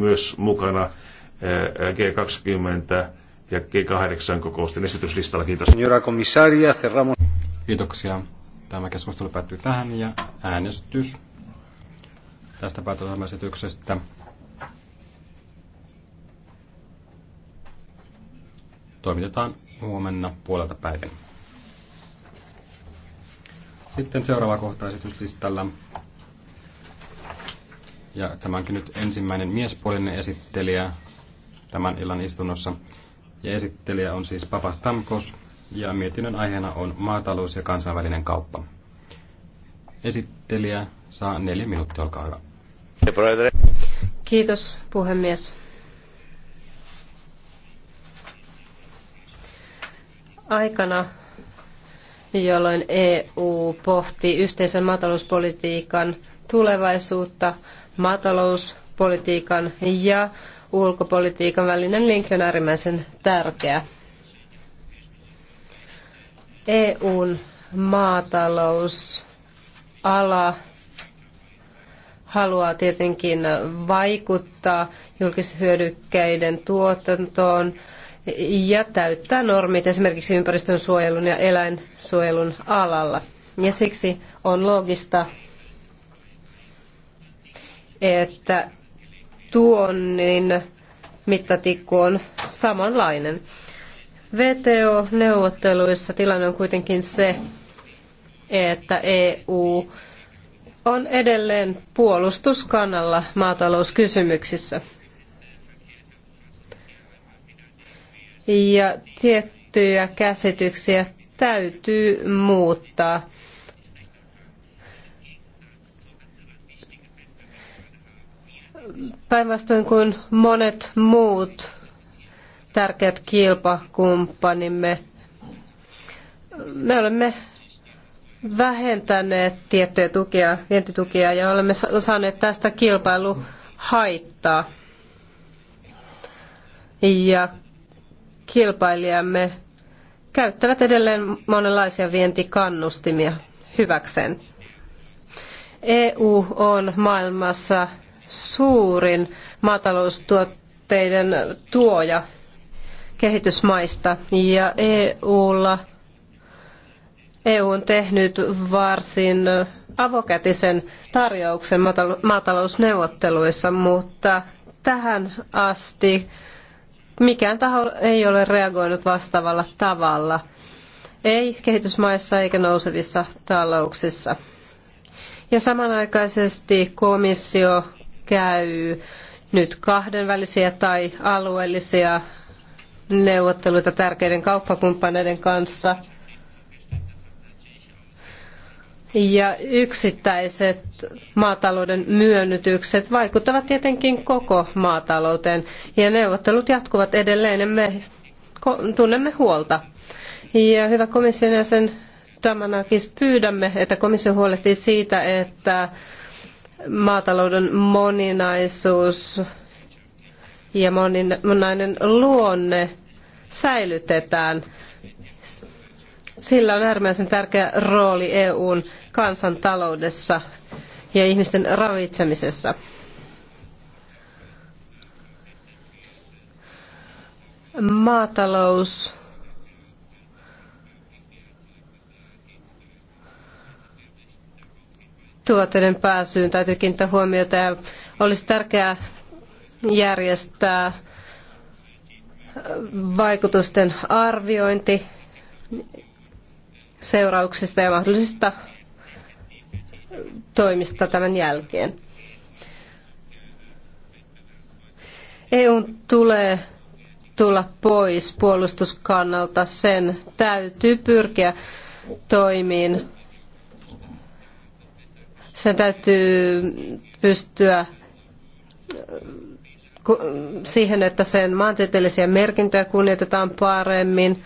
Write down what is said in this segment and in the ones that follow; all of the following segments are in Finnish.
myös mukana eh, eh, G20 ja G8 kokousten esityslistalla. Kiitos. Kiitoksia. Tämä keskustelu päättyy tähän ja äänestys tästä päätösesityksestä toimitetaan huomenna puolelta päivän. Sitten seuraava kohta esityslistalla ja tämä onkin nyt ensimmäinen miespuolinen esittelijä tämän illan istunnossa. Ja esittelijä on siis Papas Tamkos ja mietinnön aiheena on maatalous ja kansainvälinen kauppa. Esittelijä saa neljä minuuttia, olkaa hyvä. Kiitos puhemies. Aikana, jolloin EU pohti yhteisen maatalouspolitiikan tulevaisuutta, maatalouspolitiikan ja ulkopolitiikan välinen linkki on äärimmäisen tärkeä. EUn maatalousala haluaa tietenkin vaikuttaa julkishyödykkeiden tuotantoon ja täyttää normit esimerkiksi ympäristönsuojelun ja eläinsuojelun alalla. Ja siksi on loogista että tuonnin mittatikku on samanlainen. VTO-neuvotteluissa tilanne on kuitenkin se, että EU on edelleen puolustuskannalla maatalouskysymyksissä. Ja tiettyjä käsityksiä täytyy muuttaa päinvastoin kuin monet muut tärkeät kilpakumppanimme, me olemme vähentäneet tiettyjä tukia, vientitukia ja olemme saaneet tästä kilpailuhaittaa. Ja kilpailijamme käyttävät edelleen monenlaisia vientikannustimia hyväkseen. EU on maailmassa suurin maataloustuotteiden tuoja kehitysmaista ja EUlla EU on tehnyt varsin avokätisen tarjouksen maatalousneuvotteluissa, mutta tähän asti mikään taho ei ole reagoinut vastaavalla tavalla. Ei kehitysmaissa eikä nousevissa talouksissa. Ja samanaikaisesti komissio käy nyt kahdenvälisiä tai alueellisia neuvotteluita tärkeiden kauppakumppaneiden kanssa. Ja yksittäiset maatalouden myönnytykset vaikuttavat tietenkin koko maatalouteen. Ja neuvottelut jatkuvat edelleen ja me tunnemme huolta. Ja hyvä komission jäsen Damanakis, pyydämme, että komissio huolehtii siitä, että maatalouden moninaisuus ja moninainen luonne säilytetään. Sillä on äärimmäisen tärkeä rooli EUn kansantaloudessa ja ihmisten ravitsemisessa. Maatalous tuotteiden pääsyyn täytyy kiinnittää huomiota ja olisi tärkeää järjestää vaikutusten arviointi seurauksista ja mahdollisista toimista tämän jälkeen. EU tulee tulla pois puolustuskannalta. Sen täytyy pyrkiä toimiin sen täytyy pystyä äh, siihen, että sen maantieteellisiä merkintöjä kunnioitetaan paremmin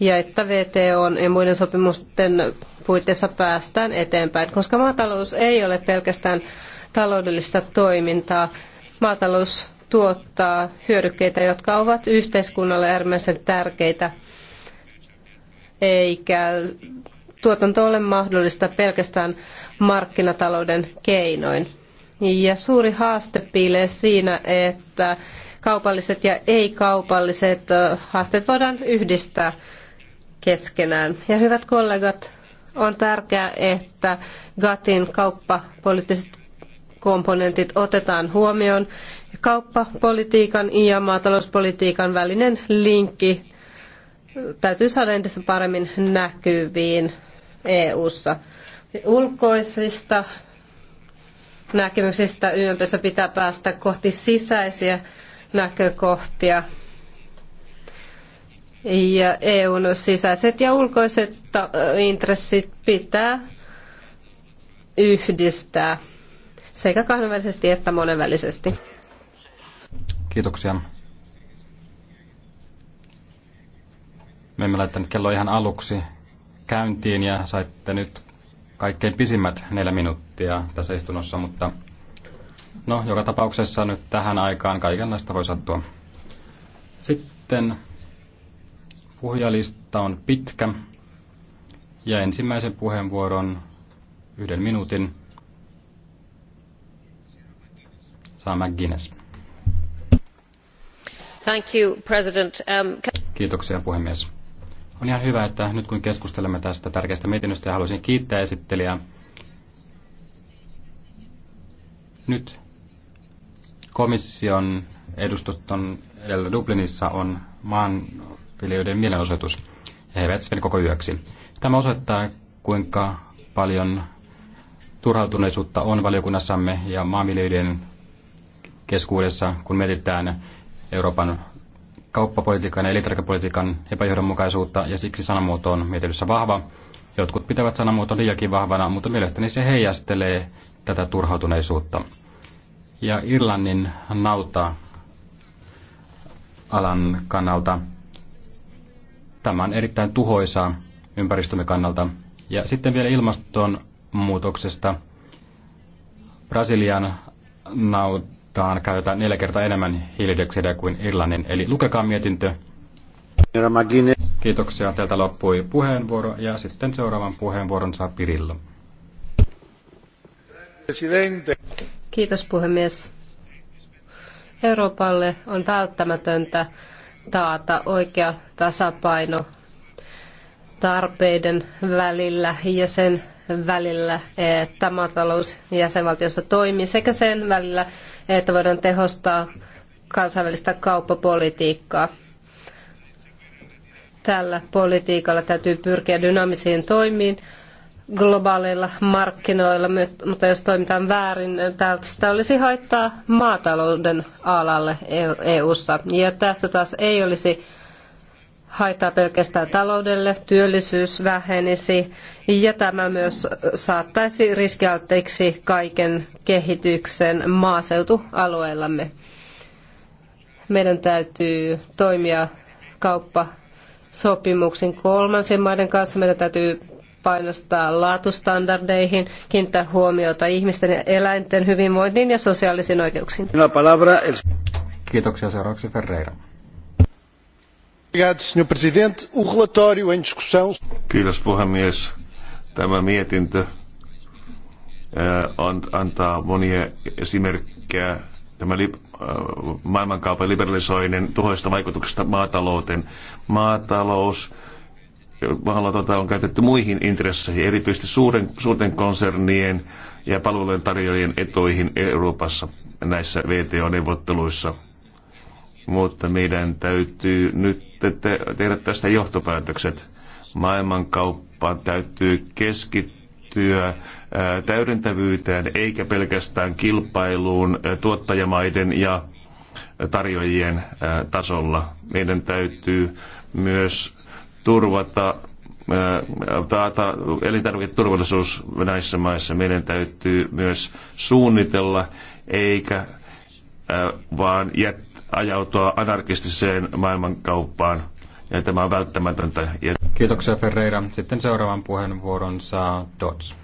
ja että VTO ja muiden sopimusten puitteissa päästään eteenpäin, koska maatalous ei ole pelkästään taloudellista toimintaa. Maatalous tuottaa hyödykkeitä, jotka ovat yhteiskunnalle äärimmäisen tärkeitä, eikä tuotanto ole mahdollista pelkästään markkinatalouden keinoin. Ja suuri haaste piilee siinä, että kaupalliset ja ei-kaupalliset haasteet voidaan yhdistää keskenään. Ja hyvät kollegat, on tärkeää, että GATin kauppapoliittiset komponentit otetaan huomioon. Kauppapolitiikan ja maatalouspolitiikan välinen linkki täytyy saada entistä paremmin näkyviin. EU-ssa. Ulkoisista näkemyksistä ympäristössä pitää päästä kohti sisäisiä näkökohtia. Ja EUn sisäiset ja ulkoiset intressit pitää yhdistää sekä kahdenvälisesti että monenvälisesti. Kiitoksia. Me emme laittaneet kello ihan aluksi, käyntiin ja saitte nyt kaikkein pisimmät neljä minuuttia tässä istunnossa, mutta no, joka tapauksessa nyt tähän aikaan kaikenlaista voi sattua. Sitten puhujalista on pitkä ja ensimmäisen puheenvuoron yhden minuutin saa McGuinness. Thank you, President. Um, Kiitoksia puhemies on ihan hyvä, että nyt kun keskustelemme tästä tärkeästä mietinnöstä ja haluaisin kiittää esittelijää. Nyt komission edustuston Dublinissa on maanviljelijöiden mielenosoitus. He eivät sen koko yöksi. Tämä osoittaa, kuinka paljon turhautuneisuutta on valiokunnassamme ja maanviljelijöiden keskuudessa, kun mietitään Euroopan kauppapolitiikan ja elintarvikepolitiikan epäjohdonmukaisuutta ja siksi sanamuoto on mietityssä vahva. Jotkut pitävät sanamuotoa liiakin vahvana, mutta mielestäni se heijastelee tätä turhautuneisuutta. Ja Irlannin nauta alan kannalta tämä on erittäin tuhoisaa ympäristömme kannalta. Ja sitten vielä ilmastonmuutoksesta. Brasilian nauta Tähän käytetään neljä kertaa enemmän hiilidioksidia kuin Irlannin, eli lukekaa mietintö. Kiitoksia, teiltä loppui puheenvuoro ja sitten seuraavan puheenvuoron saa Pirillo. Kiitos puhemies. Euroopalle on välttämätöntä taata oikea tasapaino tarpeiden välillä ja sen välillä, että maatalous jäsenvaltiossa toimii, sekä sen välillä, että voidaan tehostaa kansainvälistä kauppapolitiikkaa. Tällä politiikalla täytyy pyrkiä dynaamisiin toimiin globaaleilla markkinoilla, mutta jos toimitaan väärin, tästä olisi haittaa maatalouden alalle EU:ssa. Ja tästä taas ei olisi haittaa pelkästään taloudelle, työllisyys vähenisi ja tämä myös saattaisi riskialtteiksi kaiken kehityksen maaseutualueellamme. Meidän täytyy toimia kauppa sopimuksen kolmansien maiden kanssa. Meidän täytyy painostaa laatustandardeihin, kiinnittää huomiota ihmisten ja eläinten hyvinvointiin ja sosiaalisiin oikeuksiin. Kiitoksia seuraavaksi Ferreira. Kiitos puhemies. Tämä mietintö eh, antaa monia esimerkkejä tämä li, eh, maailmankaupan liberalisoinnin tuhoista vaikutuksista maatalouteen. Maatalous maahanmuutota on käytetty muihin intresseihin, erityisesti suuren, suurten konsernien ja palvelujen tarjoajien etuihin Euroopassa näissä VTO-neuvotteluissa. Mutta meidän täytyy nyt sitten te, tehdä tästä johtopäätökset. Maailmankauppaan täytyy keskittyä ää, täydentävyyteen eikä pelkästään kilpailuun ää, tuottajamaiden ja tarjoajien ää, tasolla. Meidän täytyy myös turvata taata elintarviketurvallisuus näissä maissa. Meidän täytyy myös suunnitella, eikä Äh, vaan jät- ajautua anarkistiseen maailmankauppaan. Ja tämä on välttämätöntä. Kiitoksia Ferreira. Sitten seuraavan puheenvuoron saa Dodds.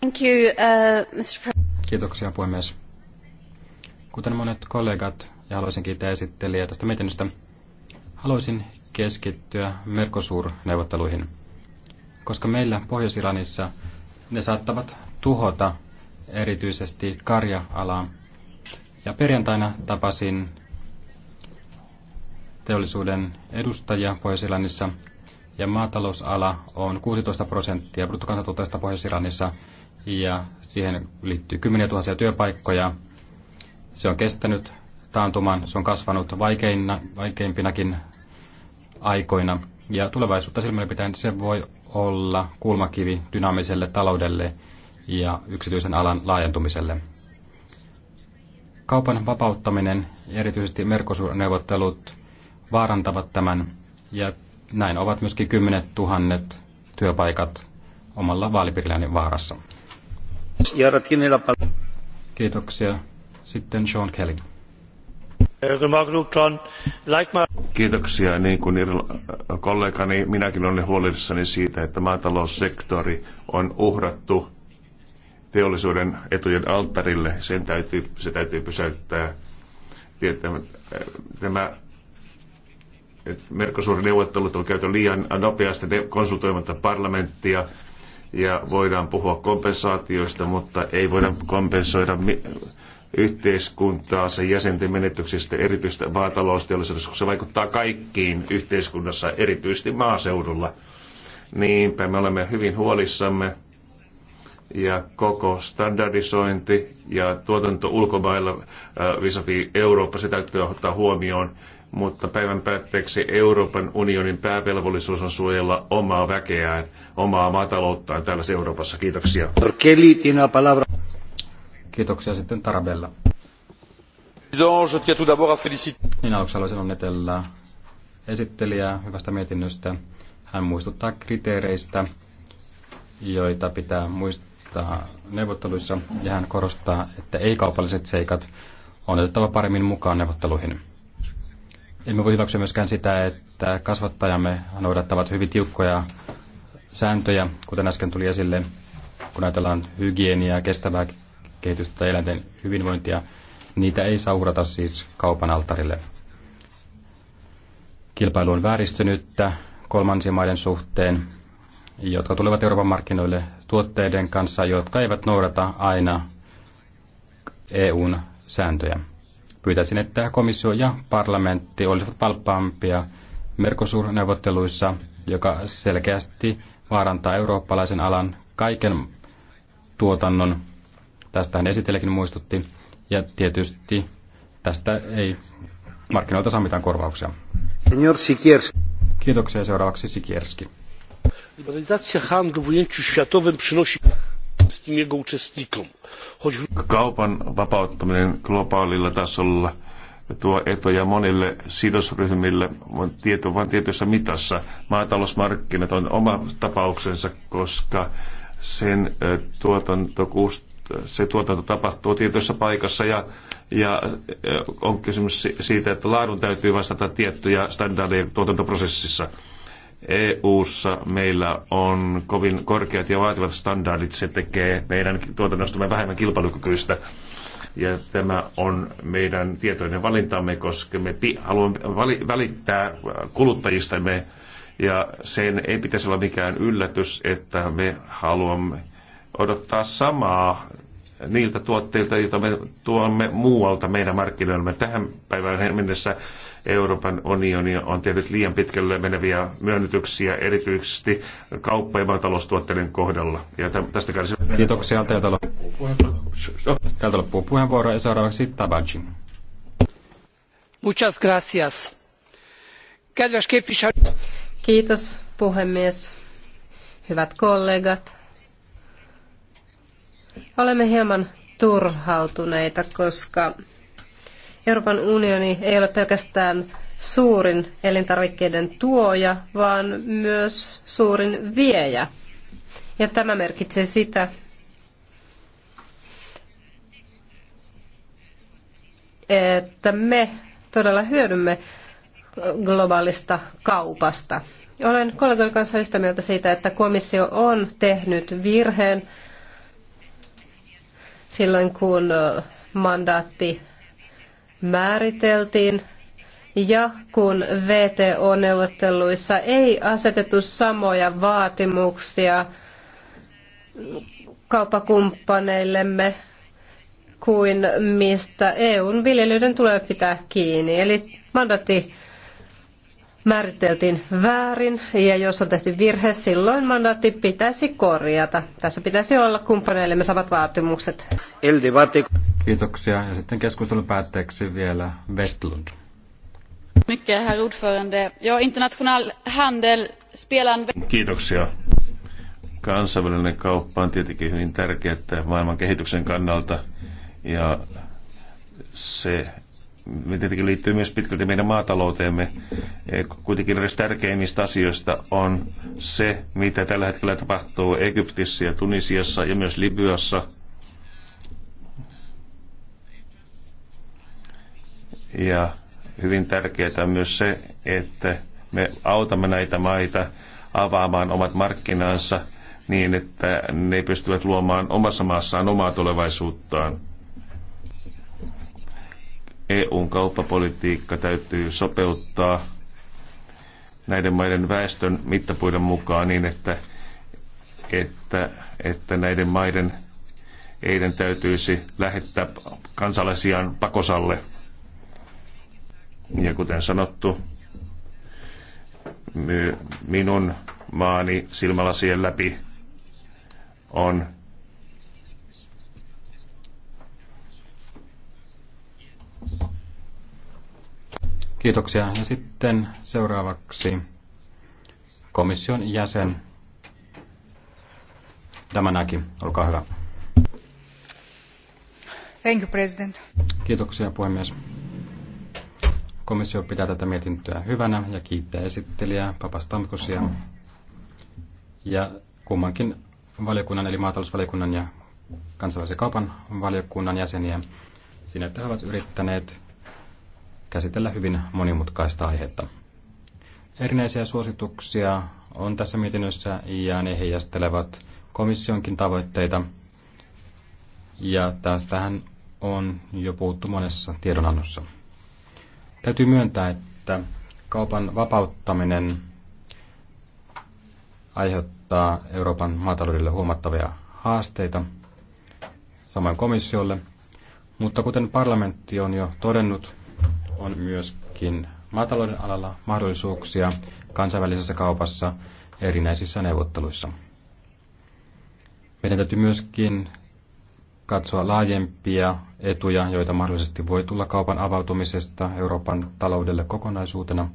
Thank you, uh, Mr. Kiitoksia puhemies. Kuten monet kollegat, ja haluaisin kiittää esittelijää tästä mietinnöstä, haluaisin keskittyä Mercosur-neuvotteluihin, koska meillä Pohjois-Iranissa ne saattavat tuhota erityisesti karja-alaa. Ja perjantaina tapasin teollisuuden edustajia pohjois ja maatalousala on 16 prosenttia bruttokansantuotteesta pohjois ja siihen liittyy kymmeniä tuhansia työpaikkoja. Se on kestänyt taantuman, se on kasvanut vaikeina, vaikeimpinakin aikoina. Ja tulevaisuutta silmällä pitäen se voi olla kulmakivi dynaamiselle taloudelle ja yksityisen alan laajentumiselle. Kaupan vapauttaminen, erityisesti Mercosur-neuvottelut, vaarantavat tämän ja näin ovat myöskin kymmenet tuhannet työpaikat omalla vaalipiirilläni vaarassa. Kiitoksia. Sitten Sean Kelly. Kiitoksia. Niin kuin kollegani, minäkin olen huolissani siitä, että maataloussektori on uhrattu teollisuuden etujen alttarille, sen täytyy, se täytyy pysäyttää. Äh, tämä, tämä Merkosuurin neuvottelut on käyty liian nopeasti konsultoimatta parlamenttia ja voidaan puhua kompensaatioista, mutta ei voida kompensoida yhteiskuntaa sen jäsenten menetyksistä, erityisesti maatalousteollisuudessa, koska se vaikuttaa kaikkiin yhteiskunnassa, erityisesti maaseudulla. Niinpä me olemme hyvin huolissamme ja koko standardisointi ja tuotanto ulkomailla äh, vis Eurooppa, se täytyy ottaa huomioon, mutta päivän päätteeksi Euroopan unionin päävelvollisuus on suojella omaa väkeään, omaa maatalouttaan täällä Euroopassa. Kiitoksia. Kiitoksia sitten Tarabella. Minä aluksi haluaisin onnitella esittelijää hyvästä mietinnöstä. Hän muistuttaa kriteereistä, joita pitää muistaa kohtaa neuvotteluissa ja hän korostaa, että ei-kaupalliset seikat on otettava paremmin mukaan neuvotteluihin. Emme voi hyväksyä myöskään sitä, että kasvattajamme noudattavat hyvin tiukkoja sääntöjä, kuten äsken tuli esille, kun ajatellaan hygieniaa, kestävää kehitystä tai eläinten hyvinvointia, niitä ei saa uhrata siis kaupan altarille. Kilpailu on vääristynyttä kolmansien maiden suhteen, jotka tulevat Euroopan markkinoille tuotteiden kanssa, jotka eivät noudata aina EUn sääntöjä. Pyytäisin, että komissio ja parlamentti olisivat valppaampia Mercosur-neuvotteluissa, joka selkeästi vaarantaa eurooppalaisen alan kaiken tuotannon. Tästähän esitelläkin muistutti. Ja tietysti tästä ei markkinoilta saa mitään korvauksia. Kiitoksia. Seuraavaksi Sikierski. Liberalizacja handlu w ujęciu światowym przynosi wszystkim jego uczestnikom. Choć... Kaupan vapauttaminen globaalilla tasolla tuo etoja monille sidosryhmille tieto, vain tietyssä mitassa. Maatalousmarkkinat on oma tapauksensa, koska sen tuotanto, se tuotanto tapahtuu tietyssä paikassa ja, ja on kysymys siitä, että laadun täytyy vastata tiettyjä standardeja tuotantoprosessissa EU-ssa meillä on kovin korkeat ja vaativat standardit. Se tekee meidän tuotannostamme vähemmän kilpailukykyistä. Ja tämä on meidän tietoinen valintamme, koska me haluamme välittää kuluttajistamme. Ja sen ei pitäisi olla mikään yllätys, että me haluamme odottaa samaa niiltä tuotteilta, joita me tuomme muualta meidän markkinoillemme. Tähän päivään mennessä Euroopan unioni on tehnyt liian pitkälle meneviä myönnytyksiä erityisesti kauppa- ja maataloustuotteiden kohdalla. Ja tästä kärsivät... Kiitoksia. Täältä loppuu puheenvuoro. Täältä loppuu puheenvuoro ja seuraavaksi Tabajin. Muchas gracias. Kedves képviselő... Kiitos puhemies. Hyvät kollegat. Olemme hieman turhautuneita, koska Euroopan unioni ei ole pelkästään suurin elintarvikkeiden tuoja, vaan myös suurin viejä. Ja tämä merkitsee sitä, että me todella hyödymme globaalista kaupasta. Olen kollegoiden kanssa yhtä mieltä siitä, että komissio on tehnyt virheen silloin, kun mandaatti määriteltiin ja kun VTO-neuvotteluissa ei asetettu samoja vaatimuksia kauppakumppaneillemme kuin mistä EUn viljelyiden tulee pitää kiinni. Eli mandaatti määriteltiin väärin ja jos on tehty virhe, silloin mandaatti pitäisi korjata. Tässä pitäisi olla kumppaneillemme samat vaatimukset. Kiitoksia. Ja sitten keskustelun päätteeksi vielä Westlund. Kiitoksia. Kansainvälinen kauppa on tietenkin hyvin tärkeää maailman kehityksen kannalta ja se tietenkin liittyy myös pitkälti meidän maatalouteemme. Kuitenkin yksi tärkeimmistä asioista on se, mitä tällä hetkellä tapahtuu Egyptissä ja Tunisiassa ja myös Libyassa. Ja hyvin tärkeää on myös se, että me autamme näitä maita avaamaan omat markkinansa niin, että ne pystyvät luomaan omassa maassaan omaa tulevaisuuttaan EUn kauppapolitiikka täytyy sopeuttaa näiden maiden väestön mittapuiden mukaan niin, että, että, että näiden maiden eiden täytyisi lähettää kansalaisiaan pakosalle. Ja kuten sanottu, minun maani silmälasien läpi on Kiitoksia. Ja sitten seuraavaksi komission jäsen Damanaki, olkaa hyvä. Thank you, President. Kiitoksia, puhemies. Komissio pitää tätä mietintöä hyvänä ja kiittää esittelijää Papastamkosia ja kummankin valiokunnan eli maatalousvaliokunnan ja kansalaisen kaupan valiokunnan jäseniä siinä, että he ovat yrittäneet käsitellä hyvin monimutkaista aihetta. Erinäisiä suosituksia on tässä mietinnössä ja ne heijastelevat komissionkin tavoitteita. Ja tästähän on jo puhuttu monessa tiedonannossa. Täytyy myöntää, että kaupan vapauttaminen aiheuttaa Euroopan maataloudelle huomattavia haasteita, samoin komissiolle. Mutta kuten parlamentti on jo todennut, on myöskin maatalouden alalla mahdollisuuksia kansainvälisessä kaupassa erinäisissä neuvotteluissa. Meidän täytyy myöskin katsoa laajempia etuja, joita mahdollisesti voi tulla kaupan avautumisesta Euroopan taloudelle kokonaisuutena.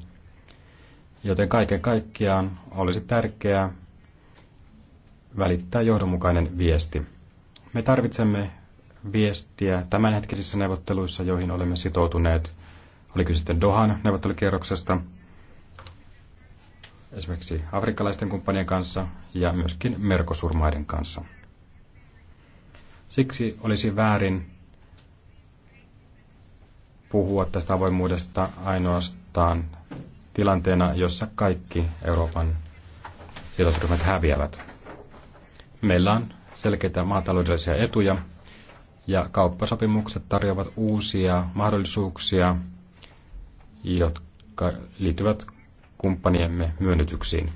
Joten kaiken kaikkiaan olisi tärkeää välittää johdonmukainen viesti. Me tarvitsemme viestiä tämänhetkisissä neuvotteluissa, joihin olemme sitoutuneet oli kyse sitten Dohan neuvottelukierroksesta, esimerkiksi afrikkalaisten kumppanien kanssa ja myöskin merkosurmaiden kanssa. Siksi olisi väärin puhua tästä avoimuudesta ainoastaan tilanteena, jossa kaikki Euroopan sidosryhmät häviävät. Meillä on selkeitä maataloudellisia etuja ja kauppasopimukset tarjoavat uusia mahdollisuuksia jotka liittyvät kumppaniemme myönnytyksiin.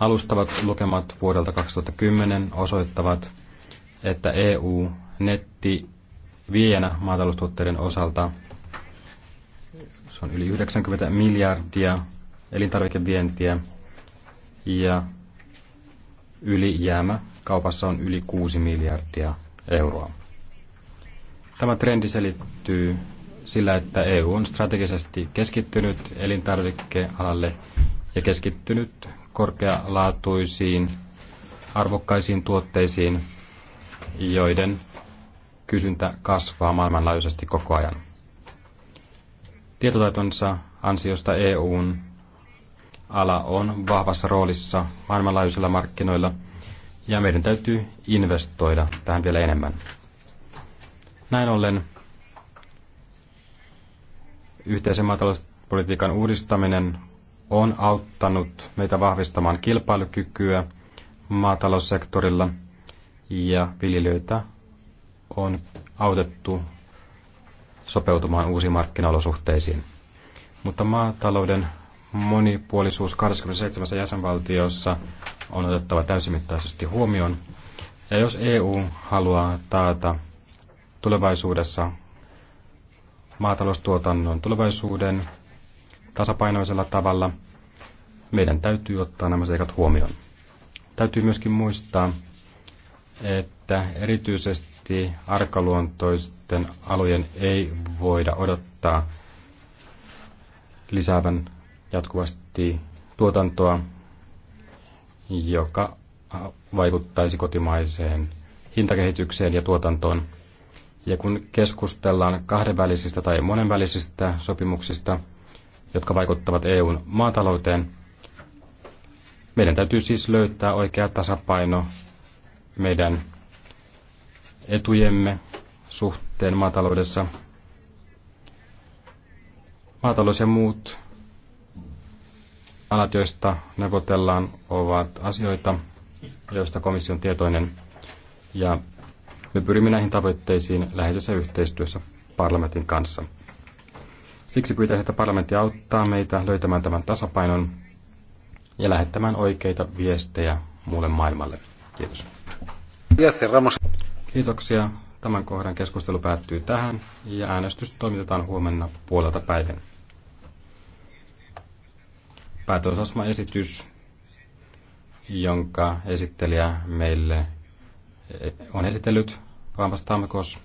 Alustavat lukemat vuodelta 2010 osoittavat, että EU netti viejänä maataloustuotteiden osalta se on yli 90 miljardia elintarvikevientiä ja ylijäämä kaupassa on yli 6 miljardia euroa. Tämä trendi selittyy sillä, että EU on strategisesti keskittynyt elintarvikkealalle ja keskittynyt korkealaatuisiin, arvokkaisiin tuotteisiin, joiden kysyntä kasvaa maailmanlaajuisesti koko ajan. Tietotaitonsa ansiosta EUn ala on vahvassa roolissa maailmanlaajuisilla markkinoilla ja meidän täytyy investoida tähän vielä enemmän. Näin ollen yhteisen maatalouspolitiikan uudistaminen on auttanut meitä vahvistamaan kilpailukykyä maataloussektorilla ja viljelijöitä on autettu sopeutumaan uusiin markkinaolosuhteisiin. Mutta maatalouden monipuolisuus 27 jäsenvaltiossa on otettava täysimittaisesti huomioon. Ja jos EU haluaa taata tulevaisuudessa maataloustuotannon tulevaisuuden tasapainoisella tavalla, meidän täytyy ottaa nämä seikat huomioon. Täytyy myöskin muistaa, että erityisesti arkaluontoisten alojen ei voida odottaa lisäävän jatkuvasti tuotantoa, joka vaikuttaisi kotimaiseen hintakehitykseen ja tuotantoon. Ja kun keskustellaan kahdenvälisistä tai monenvälisistä sopimuksista, jotka vaikuttavat EUn maatalouteen, meidän täytyy siis löytää oikea tasapaino meidän etujemme suhteen maataloudessa. Maatalous ja muut alat, joista neuvotellaan, ovat asioita, joista komission tietoinen. Ja me pyrimme näihin tavoitteisiin läheisessä yhteistyössä parlamentin kanssa. Siksi pyytäisin, että parlamentti auttaa meitä löytämään tämän tasapainon ja lähettämään oikeita viestejä muulle maailmalle. Kiitos. Kiitoksia. Tämän kohdan keskustelu päättyy tähän ja äänestys toimitetaan huomenna puolelta päivän. Päätösasma esitys, jonka esittelijä meille on esitellyt Paamas Tamkos.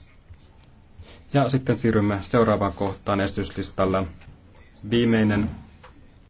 Ja sitten siirrymme seuraavaan kohtaan esityslistalla. Viimeinen